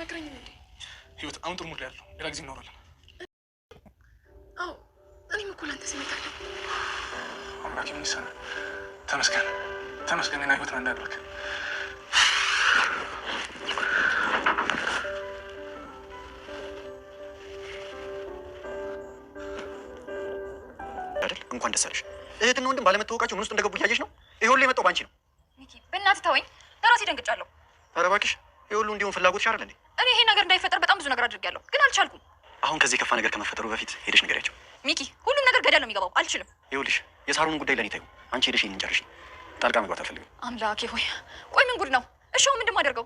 አትመክረኝም እንዴ? ህይወት አሁን ጥሩ ሙድ ላይ ያለው ሌላ ጊዜ እናወራለን። አዎ እኔም እኮ ላንተ ስሜት አለ። አምላክ ምን ተመስገን ተመስገን። ና ህይወት እንዳያደርግ እንኳን ደስ አለሽ። እህትና ወንድም ባለመታወቃቸው ምን ውስጥ እንደገቡ እያየሽ ነው። ይሄ ሁሉ የመጣው ባንቺ ነው። ብናትተወኝ በራሴ ደንግጫለሁ። ኧረ እባክሽ የሁሉ እንዲሁም ፍላጎት ሻርል እኔ ይሄ ነገር እንዳይፈጠር በጣም ብዙ ነገር አድርጌያለሁ፣ ግን አልቻልኩም። አሁን ከዚህ የከፋ ነገር ከመፈጠሩ በፊት ሄደሽ ንገሪያቸው። ሚኪ፣ ሁሉም ነገር ገደል ነው የሚገባው። አልችልም። ይኸውልሽ፣ የሳሩን ጉዳይ ለኔ ታዩ። አንቺ ሄደሽ ይህን እንጨርሽ። ጣልቃ መግባት አልፈልግም። አምላኬ ሆይ፣ ቆይ ምን ጉድ ነው? እሺ አሁን ምንድን ማደርገው?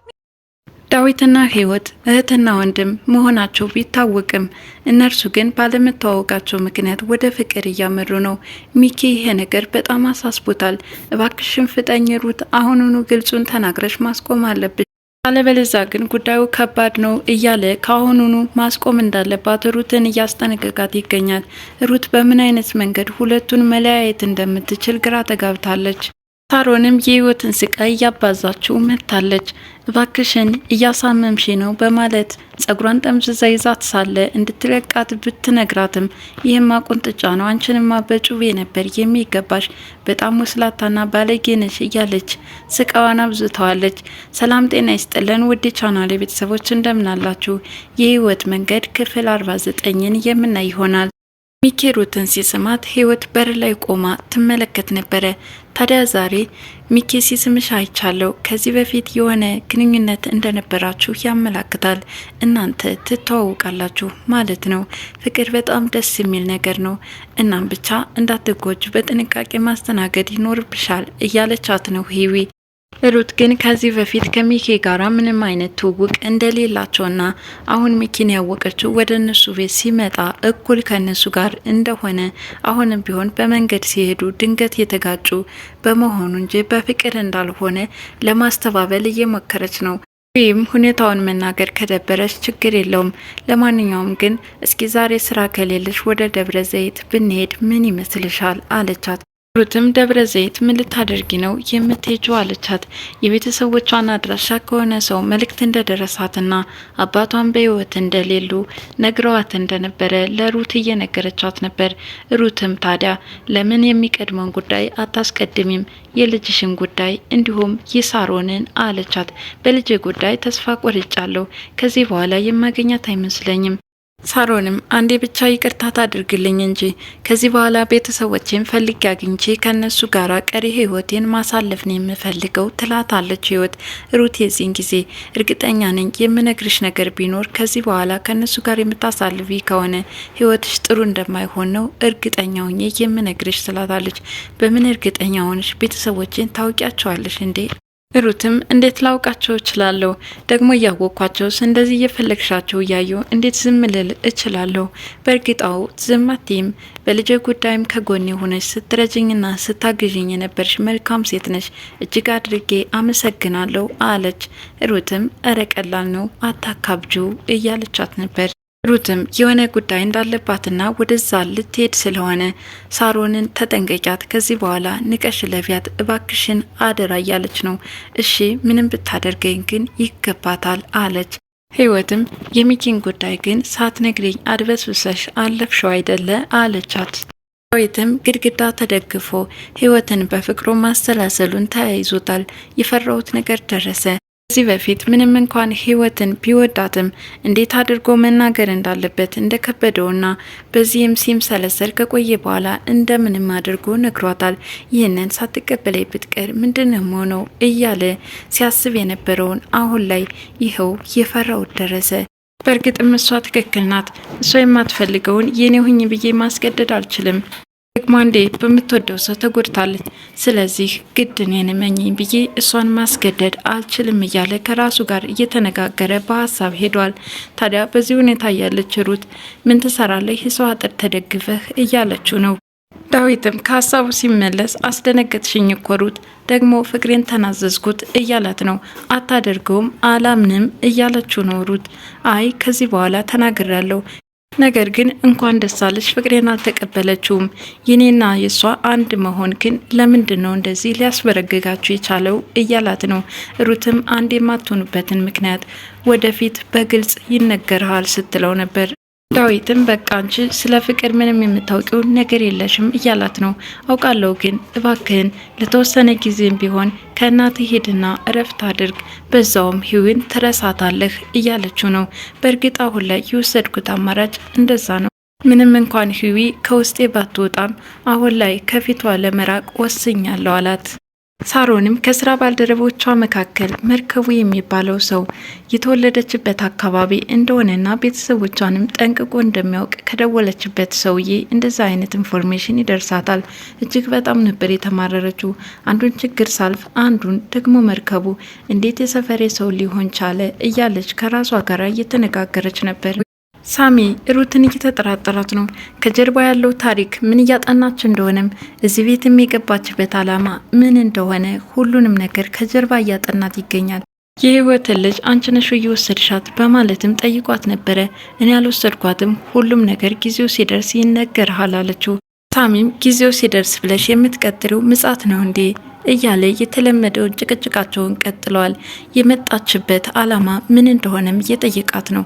ዳዊትና ህይወት እህትና ወንድም መሆናቸው ቢታወቅም እነርሱ ግን ባለመተዋወቃቸው ምክንያት ወደ ፍቅር እያመሩ ነው። ሚኪ ይሄ ነገር በጣም አሳስቦታል። እባክሽን ፍጠኝ ሩት፣ አሁኑኑ ግልጹን ተናግረሽ ማስቆም አለብሽ። አለበለዛ ግን ጉዳዩ ከባድ ነው እያለ ከአሁኑኑ ማስቆም እንዳለባት ሩትን እያስጠነቀቃት ይገኛል። ሩት በምን አይነት መንገድ ሁለቱን መለያየት እንደምትችል ግራ ተጋብታለች። ሳሮንም የህይወትን ስቃይ እያባዛችው መታለች። እባክሽን እያሳመምሽ ነው በማለት ጸጉሯን ጠምዝዛ ይዛት ሳለ እንድትለቃት ብትነግራትም ይህማ ቁንጥጫ ነው፣ አንቺንማ በጩቤ ነበር የሚገባሽ፣ በጣም ወስላታና ባለጌ ነሽ እያለች ስቃዋን አብዝተዋለች። ሰላም ጤና ይስጥልን ውድ ቻናሌ ቤተሰቦች እንደምናላችሁ የህይወት መንገድ ክፍል 49ን የምናይ ይሆናል። ሚኪ ሩትን ሲስማት ህይወት በር ላይ ቆማ ትመለከት ነበረ። ታዲያ ዛሬ ሚኪ ሲስምሽ አይቻለው። ከዚህ በፊት የሆነ ግንኙነት እንደነበራችሁ ያመላክታል። እናንተ ትተዋውቃላችሁ ማለት ነው። ፍቅር በጣም ደስ የሚል ነገር ነው። እናም ብቻ እንዳትጎጅ በጥንቃቄ ማስተናገድ ይኖርብሻል እያለቻት ነው ሂዊ ሩት ግን ከዚህ በፊት ከሚኪ ጋራ ምንም አይነት ትውውቅ እንደሌላቸውና አሁን ሚኪን ያወቀችው ወደ እነሱ ቤት ሲመጣ እኩል ከእነሱ ጋር እንደሆነ አሁንም ቢሆን በመንገድ ሲሄዱ ድንገት የተጋጩ በመሆኑ እንጂ በፍቅር እንዳልሆነ ለማስተባበል እየሞከረች ነው። ይህም ሁኔታውን መናገር ከደበረች ችግር የለውም። ለማንኛውም ግን እስኪ ዛሬ ስራ ከሌለች ወደ ደብረ ዘይት ብንሄድ ምን ይመስልሻል? አለቻት። ሩትም ደብረ ዘይት ምን ልታደርጊ ነው የምትሄጂው? አለቻት። የቤተሰቦቿን አድራሻ ከሆነ ሰው መልእክት እንደደረሳትና አባቷን በህይወት እንደሌሉ ነግረዋት እንደነበረ ለሩት እየነገረቻት ነበር። ሩትም ታዲያ ለምን የሚቀድመውን ጉዳይ አታስቀድሚም? የልጅሽን ጉዳይ እንዲሁም ይሳሮንን አለቻት። በልጅ ጉዳይ ተስፋ ቆርጫለሁ። ከዚህ በኋላ የማገኛት አይመስለኝም ሳሮንም አንዴ ብቻ ይቅርታ ታድርግልኝ እንጂ ከዚህ በኋላ ቤተሰቦቼን ፈልጌ አግኝቼ ከእነሱ ጋር ቀሪ ህይወቴን ማሳለፍ ነው የምፈልገው ትላታለች ህይወት። ሩት የዚህን ጊዜ እርግጠኛ ነኝ የምነግርሽ ነገር ቢኖር ከዚህ በኋላ ከእነሱ ጋር የምታሳልፊ ከሆነ ህይወትሽ ጥሩ እንደማይሆን ነው እርግጠኛ ሆኜ የምነግርሽ ትላታለች። በምን እርግጠኛ ሆንሽ? ቤተሰቦቼን ታውቂያቸዋለሽ እንዴ? ሩትም እንዴት ላውቃቸው እችላለሁ? ደግሞ እያወቅኳቸውስ እንደዚህ እየፈለግሻቸው እያዩ እንዴት ዝም ልል እችላለሁ? በእርግጣው ዝም በልጄ ጉዳይም ከጎን ሆነሽ ስትረጅኝና ስታግዥኝ የነበርሽ መልካም ሴት ነሽ። እጅግ አድርጌ አመሰግናለሁ አለች። ሩትም እረ ቀላል ነው አታካብጁ እያለቻት ነበር። ሩትም የሆነ ጉዳይ እንዳለባትና ወደዛ ልትሄድ ስለሆነ ሳሮንን ተጠንቀቂያት፣ ከዚህ በኋላ ንቀሽ ለቢያት እባክሽን አደራ እያለች ነው። እሺ ምንም ብታደርገኝ ግን ይገባታል አለች። ህይወትም የሚኪን ጉዳይ ግን ሳትነግሪኝ አድበስብሰሽ አለፍሸው አይደለ አለቻት። ዳዊትም ግድግዳ ተደግፎ ህይወትን በፍቅሩ ማሰላሰሉን ተያይዞታል። የፈራሁት ነገር ደረሰ ከዚህ በፊት ምንም እንኳን ህይወትን ቢወዳትም እንዴት አድርጎ መናገር እንዳለበት እንደከበደውና በዚህም ሲምሰለሰል ከቆየ በኋላ እንደምንም አድርጎ ነግሯታል። ይህንን ሳትቀበለኝ ብትቀር ምንድነው ሆነው እያለ ሲያስብ የነበረውን አሁን ላይ ይኸው የፈራው ደረሰ። በእርግጥም እሷ ትክክል ናት። እሷ የማትፈልገውን የኔ ሁኝ ብዬ ማስገደድ አልችልም ደግሞ አንዴ በምትወደው ሰው ተጎድታለች። ስለዚህ ግድ እኔን እመኚኝ ብዬ እሷን ማስገደድ አልችልም እያለ ከራሱ ጋር እየተነጋገረ በሀሳብ ሄዷል። ታዲያ በዚህ ሁኔታ እያለች ሩት ምን ትሰራለህ? የሰው አጥር ተደግፈህ እያለችው ነው። ዳዊትም ከሀሳቡ ሲመለስ አስደነገጥሽኝ እኮ ሩት፣ ደግሞ ፍቅሬን ተናዘዝኩት እያላት ነው። አታደርገውም አላምንም እያለችው ነው ሩት። አይ ከዚህ በኋላ ተናግሬያለሁ ነገር ግን እንኳን ደስ አለሽ ፍቅሬን አልተቀበለችውም። የኔና የእሷ አንድ መሆን ግን ለምንድን ነው እንደዚህ ሊያስበረግጋችሁ የቻለው እያላት ነው። ሩትም አንድ የማትሆኑበትን ምክንያት ወደፊት በግልጽ ይነገርሃል ስትለው ነበር። ዳዊትም በቃ አንቺ ስለ ፍቅር ምንም የምታውቂው ነገር የለሽም እያላት ነው። አውቃለሁ ግን እባክህን ለተወሰነ ጊዜም ቢሆን ከእናት ሄድና እረፍት አድርግ፣ በዛውም ህዊን ትረሳታለህ እያለችው ነው። በእርግጥ አሁን ላይ የወሰድኩት አማራጭ እንደዛ ነው። ምንም እንኳን ህዊ ከውስጤ ባትወጣም አሁን ላይ ከፊቷ ለመራቅ ወስኛለሁ አላት። ሳሮንም ከስራ ባልደረቦቿ መካከል መርከቡ የሚባለው ሰው የተወለደችበት አካባቢ እንደሆነና ቤተሰቦቿንም ጠንቅቆ እንደሚያውቅ ከደወለችበት ሰውዬ እንደዛ አይነት ኢንፎርሜሽን ይደርሳታል። እጅግ በጣም ነበር የተማረረችው። አንዱን ችግር ሳልፍ አንዱን ደግሞ መርከቡ እንዴት የሰፈሬ ሰው ሊሆን ቻለ እያለች ከራሷ ጋር እየተነጋገረች ነበር። ሳሚ ሩትን እየተጠራጠራት ነው። ከጀርባ ያለው ታሪክ ምን እያጠናች እንደሆነም እዚህ ቤት የገባችበት አላማ ምን እንደሆነ ሁሉንም ነገር ከጀርባ እያጠናት ይገኛል። የህይወትን ልጅ አንቺ ነሽ እየወሰድሻት በማለትም ጠይቋት ነበረ። እኔ አልወሰድኳትም፣ ሁሉም ነገር ጊዜው ሲደርስ ይነገርሃል አለችው። ሳሚም ጊዜው ሲደርስ ብለሽ የምትቀጥሪው ምጻት ነው እንዴ እያለ የተለመደውን ጭቅጭቃቸውን ቀጥለዋል። የመጣችበት አላማ ምን እንደሆነም እየጠየቃት ነው።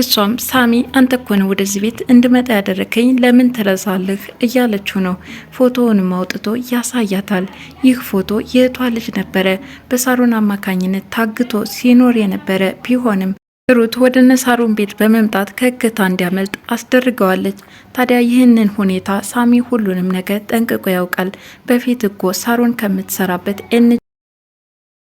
እሷም ሳሚ አንተ እኮ ነው ወደዚህ ቤት እንድመጣ ያደረከኝ ለምን ትረሳለህ እያለችው ነው። ፎቶውንም አውጥቶ ያሳያታል። ይህ ፎቶ የእህቷ ልጅ ነበረ፣ በሳሩን አማካኝነት ታግቶ ሲኖር የነበረ ቢሆንም ሩት ወደ ነሳሩን ቤት በመምጣት ከእክታ እንዲያመልጥ አስደርገዋለች። ታዲያ ይህንን ሁኔታ ሳሚ ሁሉንም ነገር ጠንቅቆ ያውቃል። በፊት እኮ ሳሩን ከምትሰራበት ኤን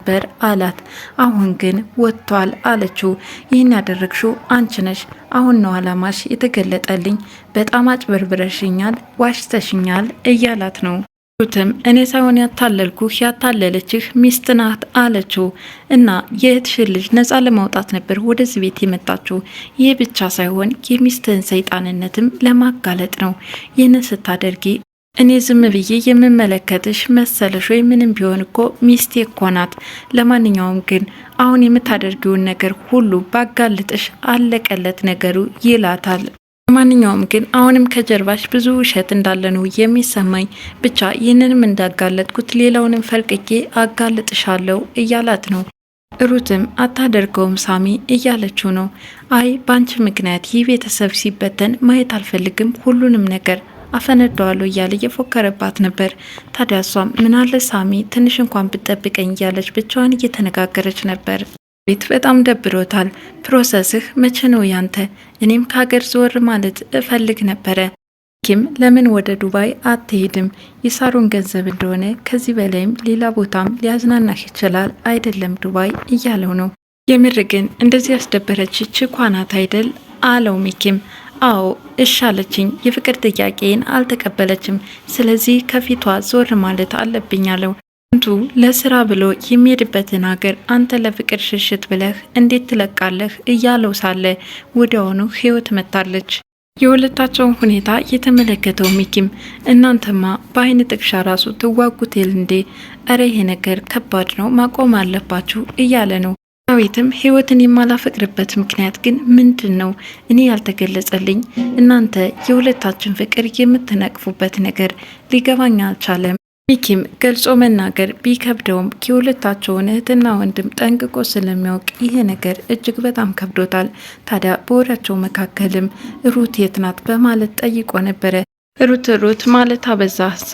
ነበር አላት። አሁን ግን ወጥቷል አለችው። ይህን ያደረግሽው አንቺ ነሽ። አሁን ነው አላማሽ የተገለጠልኝ። በጣም አጭበርብረሽኛል፣ ዋሽተሽኛል እያላት ነው። ትም እኔ ሳይሆን ያታለልኩህ ያታለለችህ ሚስት ናት አለችው። እና የእህትሽን ልጅ ነፃ ለማውጣት ነበር ወደዚህ ቤት የመጣችው። ይህ ብቻ ሳይሆን የሚስትህን ሰይጣንነትም ለማጋለጥ ነው። ይህን ስታደርጊ እኔ ዝም ብዬ የምመለከትሽ መሰለሽ ወይ? ምንም ቢሆን እኮ ሚስቴ እኮ ናት። ለማንኛውም ግን አሁን የምታደርጊውን ነገር ሁሉ ባጋልጥሽ አለቀለት ነገሩ ይላታል። ለማንኛውም ግን አሁንም ከጀርባሽ ብዙ ውሸት እንዳለ ነው የሚሰማኝ። ብቻ ይህንንም እንዳጋለጥኩት ሌላውንም ፈልቅቄ አጋልጥሻለሁ እያላት ነው። ሩትም አታደርገውም ሳሚ እያለችው ነው። አይ ባንቺ ምክንያት ይህ ቤተሰብ ሲበተን ማየት አልፈልግም ሁሉንም ነገር አፈነደዋለሁ እያለ እየፎከረባት ነበር። ታዲያ እሷም ምናለ ሳሚ ትንሽ እንኳን ብጠብቀኝ እያለች ብቻዋን እየተነጋገረች ነበር። ቤት በጣም ደብሮታል። ፕሮሰስህ መቼ ነው ያንተ? እኔም ከሀገር ዘወር ማለት እፈልግ ነበረ። ኪም ለምን ወደ ዱባይ አትሄድም? የሳሩን ገንዘብ እንደሆነ ከዚህ በላይም ሌላ ቦታም ሊያዝናናሽ ይችላል አይደለም ዱባይ እያለው ነው። የምር ግን እንደዚህ ያስደበረች ችኳናት አይደል አለው ሚኪም አዎ እሺ አለችኝ። የፍቅር ጥያቄን አልተቀበለችም። ስለዚህ ከፊቷ ዞር ማለት አለብኝ አለው። አንቱ ለስራ ብሎ የሚሄድበትን ሀገር አንተ ለፍቅር ሽሽት ብለህ እንዴት ትለቃለህ? እያለው ሳለ ወዲያውኑ ህይወት መታለች። የሁለታቸውን ሁኔታ የተመለከተው ሚኪም እናንተማ በአይን ጥቅሻ ራሱ ትዋጉቴል እንዴ? እረ ይሄ ነገር ከባድ ነው፣ ማቆም አለባችሁ እያለ ነው ዳዊትም ህይወትን የማላፈቅርበት ምክንያት ግን ምንድን ነው? እኔ ያልተገለጸልኝ እናንተ የሁለታችን ፍቅር የምትነቅፉበት ነገር ሊገባኝ አልቻለም። ሚኪም ገልጾ መናገር ቢከብደውም የሁለታቸውን እህትና ወንድም ጠንቅቆ ስለሚያውቅ ይሄ ነገር እጅግ በጣም ከብዶታል። ታዲያ በወሬያቸው መካከልም ሩት የት ናት በማለት ጠይቆ ነበረ። ሩት ሩት ማለት አበዛሳ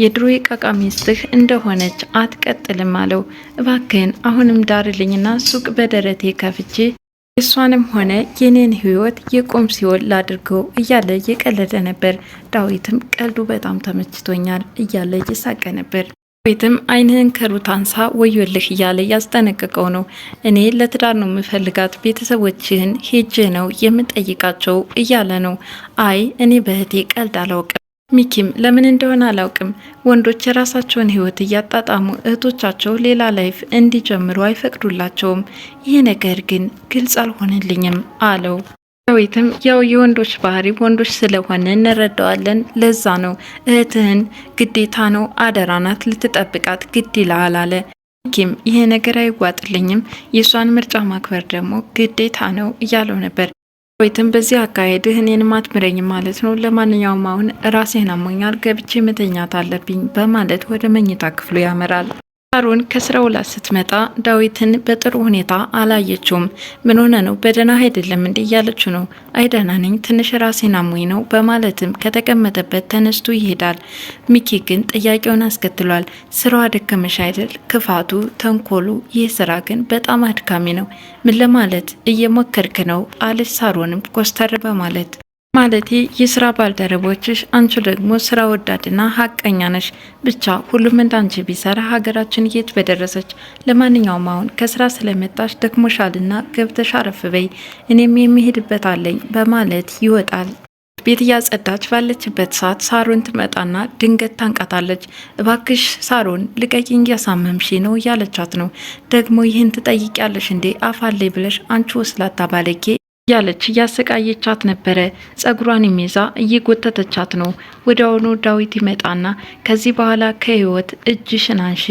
የድሮ የቃቃ ሚስትህ እንደሆነች አትቀጥልም አለው። እባክህን አሁንም ዳርልኝና ሱቅ በደረቴ ከፍቼ እሷንም ሆነ የኔን ህይወት የቆም ሲኦል ላድርገው እያለ የቀለደ ነበር። ዳዊትም ቀልዱ በጣም ተመችቶኛል እያለ እየሳቀ ነበር። ቤትም አይንህን ከሩት አንሳ ወዮልህ እያለ እያስጠነቀቀው ነው። እኔ ለትዳር ነው የምፈልጋት፣ ቤተሰቦችህን ሄጄ ነው የምጠይቃቸው እያለ ነው። አይ እኔ በእህቴ ቀልድ አላውቅም። ሚኪም ለምን እንደሆነ አላውቅም፣ ወንዶች የራሳቸውን ህይወት እያጣጣሙ እህቶቻቸው ሌላ ላይፍ እንዲጀምሩ አይፈቅዱላቸውም። ይህ ነገር ግን ግልጽ አልሆነልኝም አለው። ዳዊትም ያው የወንዶች ባህሪ ወንዶች ስለሆነ እንረዳዋለን። ለዛ ነው እህትህን ግዴታ ነው አደራናት ልትጠብቃት ግድ ይልሃል አለ። ኪም ይሄ ነገር አይዋጥልኝም፣ የእሷን ምርጫ ማክበር ደግሞ ግዴታ ነው እያለው ነበር። ዳዊትም በዚህ አካሄድ እኔን ማትምረኝ ማለት ነው። ለማንኛውም አሁን ራሴን አሞኛል፣ ገብቼ መተኛት አለብኝ በማለት ወደ መኝታ ክፍሉ ያመራል። ሳሮን ከስራ ውላ ስትመጣ ዳዊትን በጥሩ ሁኔታ አላየችውም። ምን ሆነ ነው በደህና አይደለም እንዴ እያለችው ነው። አይ ደህና ነኝ፣ ትንሽ ራሴን አሞኝ ነው በማለትም ከተቀመጠበት ተነስቶ ይሄዳል። ሚኪ ግን ጥያቄውን አስከትሏል። ስራው አደከመሽ አይደል? ክፋቱ፣ ተንኮሉ፣ ይህ ስራ ግን በጣም አድካሚ ነው። ምን ለማለት እየሞከርክ ነው? አለች ሳሮንም ኮስተር በማለት ማለቴ የስራ ባልደረቦችሽ። አንቺ ደግሞ ስራ ወዳድና ሀቀኛ ነሽ። ብቻ ሁሉም እንዳንቺ ቢሰራ ሀገራችን የት በደረሰች። ለማንኛውም አሁን ከስራ ስለመጣሽ ደክሞሻልና ገብተሽ አረፍ በይ፣ እኔም የሚሄድበት አለኝ በማለት ይወጣል። ቤት እያጸዳች ባለችበት ሰዓት ሳሮን ትመጣና ድንገት ታንቃታለች። እባክሽ ሳሮን ልቀቂኝ፣ እያሳመምሽ ነው እያለቻት ነው። ደግሞ ይህን ትጠይቂያለሽ እንዴ? አፋለይ ብለሽ አንቺ ወስላታ ባለጌ ያለች እያሰቃየቻት ነበረ። ጸጉሯን የሚይዛ እየጎተተቻት ነው። ወደ ዳዊት ይመጣና ከዚህ በኋላ ከህይወት እጅሽን አንሺ፣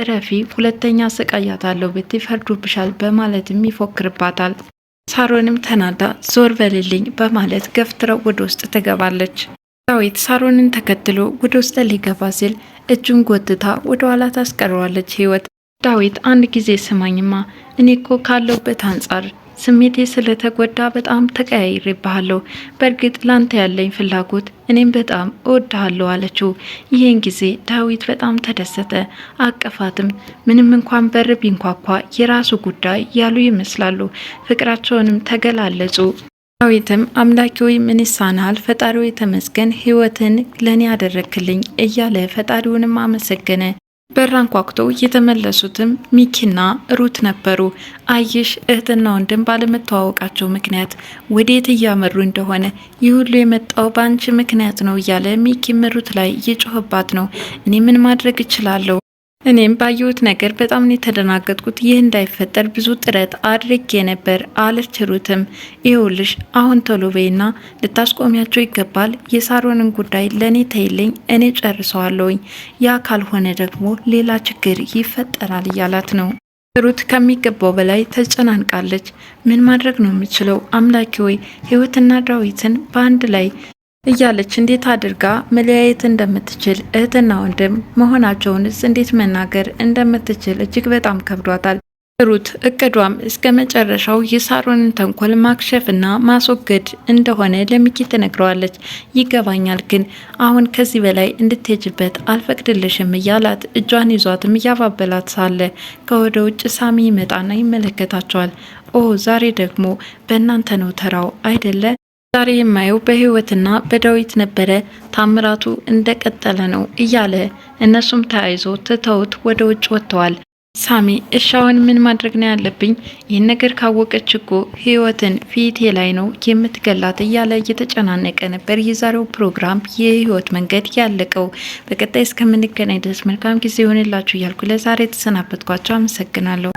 እረፊ፣ ሁለተኛ አሰቃያታለሁ ብትይ ፈርዶብሻል በማለትም ይፎክርባታል። ሳሮንም ተናዳ ዞር በልልኝ በማለት ገፍትረው ወደ ውስጥ ትገባለች። ዳዊት ሳሮንን ተከትሎ ወደ ውስጥ ሊገባ ሲል እጁን ጎትታ ወደ ኋላ ታስቀረዋለች። ህይወት ዳዊት አንድ ጊዜ ስማኝማ፣ እኔ እኮ ካለውበት አንጻር ስሜቴ ስለተጎዳ በጣም ተቀያይሬብሃለሁ። በእርግጥ ላንተ ያለኝ ፍላጎት እኔም በጣም እወድሃለሁ አለችው። ይህን ጊዜ ዳዊት በጣም ተደሰተ፣ አቀፋትም። ምንም እንኳን በር ቢንኳኳ የራሱ ጉዳይ ያሉ ይመስላሉ። ፍቅራቸውንም ተገላለጹ። ዳዊትም አምላኪ ሆይ ምን ይሳናል? ፈጣሪው የተመስገን፣ ህይወትን ለእኔ ያደረክልኝ እያለ ፈጣሪውንም አመሰገነ። በራንኳኩቶ የተመለሱትም ሚኪና ሩት ነበሩ። አይሽ እህትና ወንድም ባለመተዋወቃቸው ምክንያት ወዴት እያመሩ እንደሆነ ይህ ሁሉ የመጣው በአንቺ ምክንያት ነው እያለ ሚኪም ሩት ላይ እየጮህባት ነው። እኔ ምን ማድረግ እችላለሁ? እኔም ባየሁት ነገር በጣም ነው የተደናገጥኩት። ይህ እንዳይፈጠር ብዙ ጥረት አድርጌ ነበር፣ አልችሉትም። ይኸውልሽ አሁን ቶሎ በይና ልታስቆሚያቸው ይገባል። የሳሮንን ጉዳይ ለእኔ ተይልኝ፣ እኔ ጨርሰዋለውኝ። ያ ካልሆነ ደግሞ ሌላ ችግር ይፈጠራል እያላት ነው። ሩት ከሚገባው በላይ ተጨናንቃለች። ምን ማድረግ ነው የምችለው? አምላኬ ወይ ህይወትና ዳዊትን በአንድ ላይ እያለች እንዴት አድርጋ መለያየት እንደምትችል እህትና ወንድም መሆናቸውንስ እንዴት መናገር እንደምትችል እጅግ በጣም ከብዷታል። ሩት እቅዷም እስከ መጨረሻው የሳሮንን ተንኮል ማክሸፍና ማስወገድ እንደሆነ ለሚኪ ትነግረዋለች። ይገባኛል፣ ግን አሁን ከዚህ በላይ እንድትሄጅበት አልፈቅድልሽም እያላት እጇን ይዟትም እያባበላት ሳለ ከወደ ውጭ ሳሚ ይመጣና ይመለከታቸዋል። ኦ ዛሬ ደግሞ በእናንተ ነው ተራው አይደለ ዛሬ የማየው በህይወትና በዳዊት ነበረ፣ ታምራቱ እንደቀጠለ ነው እያለ እነሱም ተያይዞ ትተውት ወደ ውጭ ወጥተዋል። ሳሚ እሻውን ምን ማድረግ ነው ያለብኝ? ይህን ነገር ካወቀች እኮ ህይወትን ፊቴ ላይ ነው የምትገላት እያለ እየተጨናነቀ ነበር። የዛሬው ፕሮግራም የህይወት መንገድ ያለቀው። በቀጣይ እስከምንገናኝ ድረስ መልካም ጊዜ ይሆንላችሁ እያልኩ ለዛሬ የተሰናበትኳቸው አመሰግናለሁ።